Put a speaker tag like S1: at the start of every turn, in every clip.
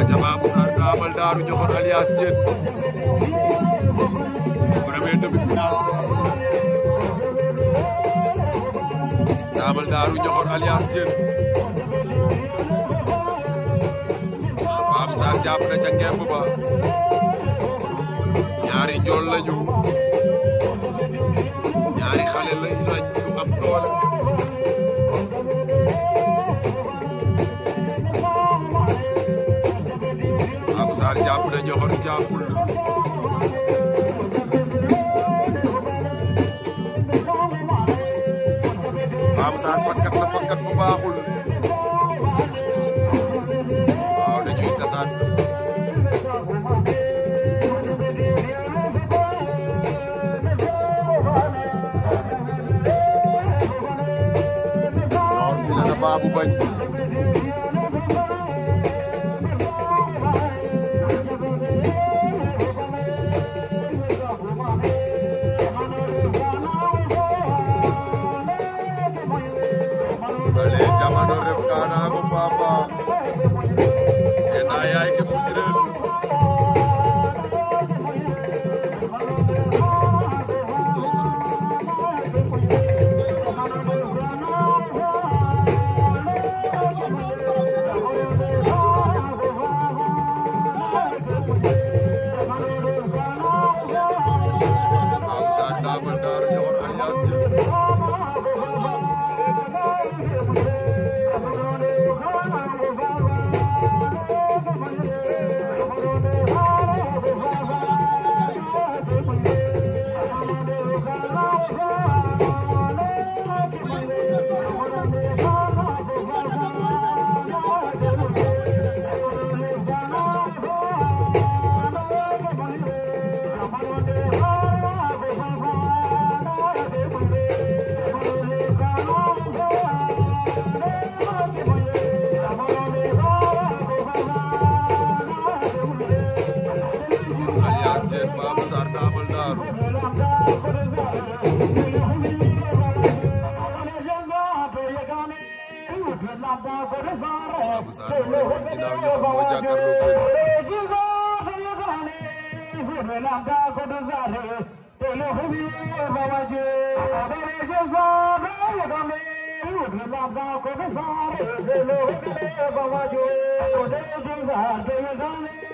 S1: aca Babou Sarr daamal Daaru Daaru Njoxor alias Diène Babou Sarr jàpp ca ngemb ba ñaari njool lañu ñaari xale lañ lañ doole jàpp na joxor jàppul maam saar pakkat la pakkat bu baaxul waaw dañuy kasaat joxor fi la na baabu bañ Maam Sarr Ndamal Daaru Maam Sarr moo nekkoon ginnaaw ñoo Thank you.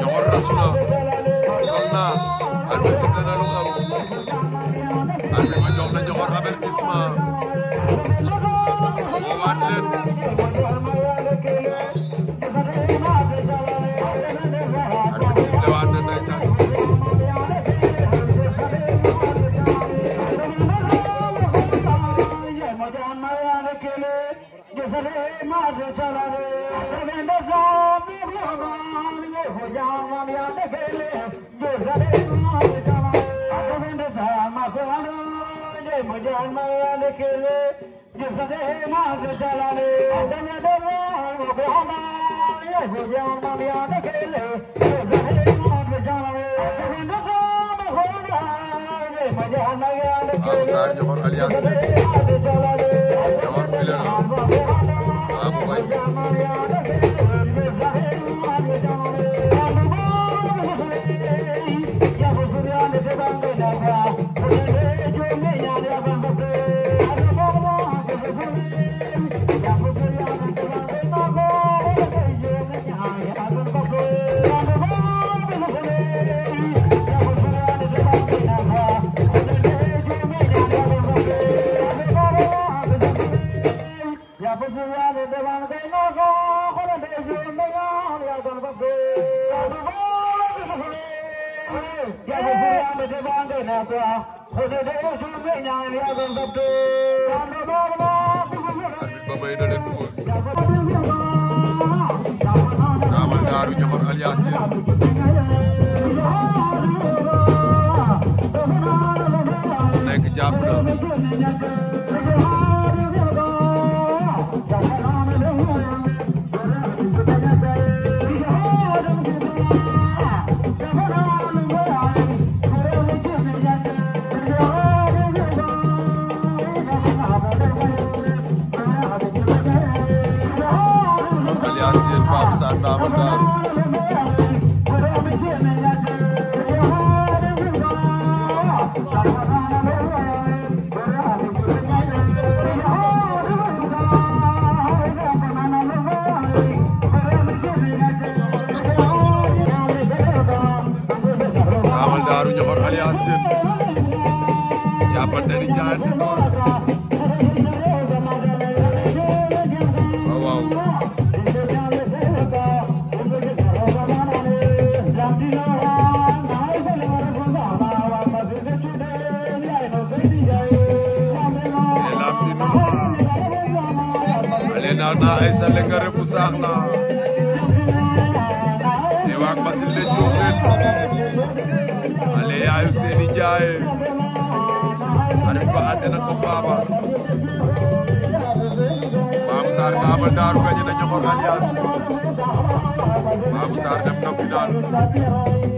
S1: Ñoxor a sol na arbitre sifflé na lu xew arbitre ba jox na Ñoxor avertissement मां चवें साम भॻवान खे te bande na kwa da leen dugal Daamal Daaru Ñoxor alias nekk jàpp na namırdar ñaal na ay sa lenga refu saax na e waag mbasil le ale yaayu seeni jaaye a ref ba andena ko baaba Babou Sarr Baba Darou gañe na Niokor Alias Babou Sarr dem na final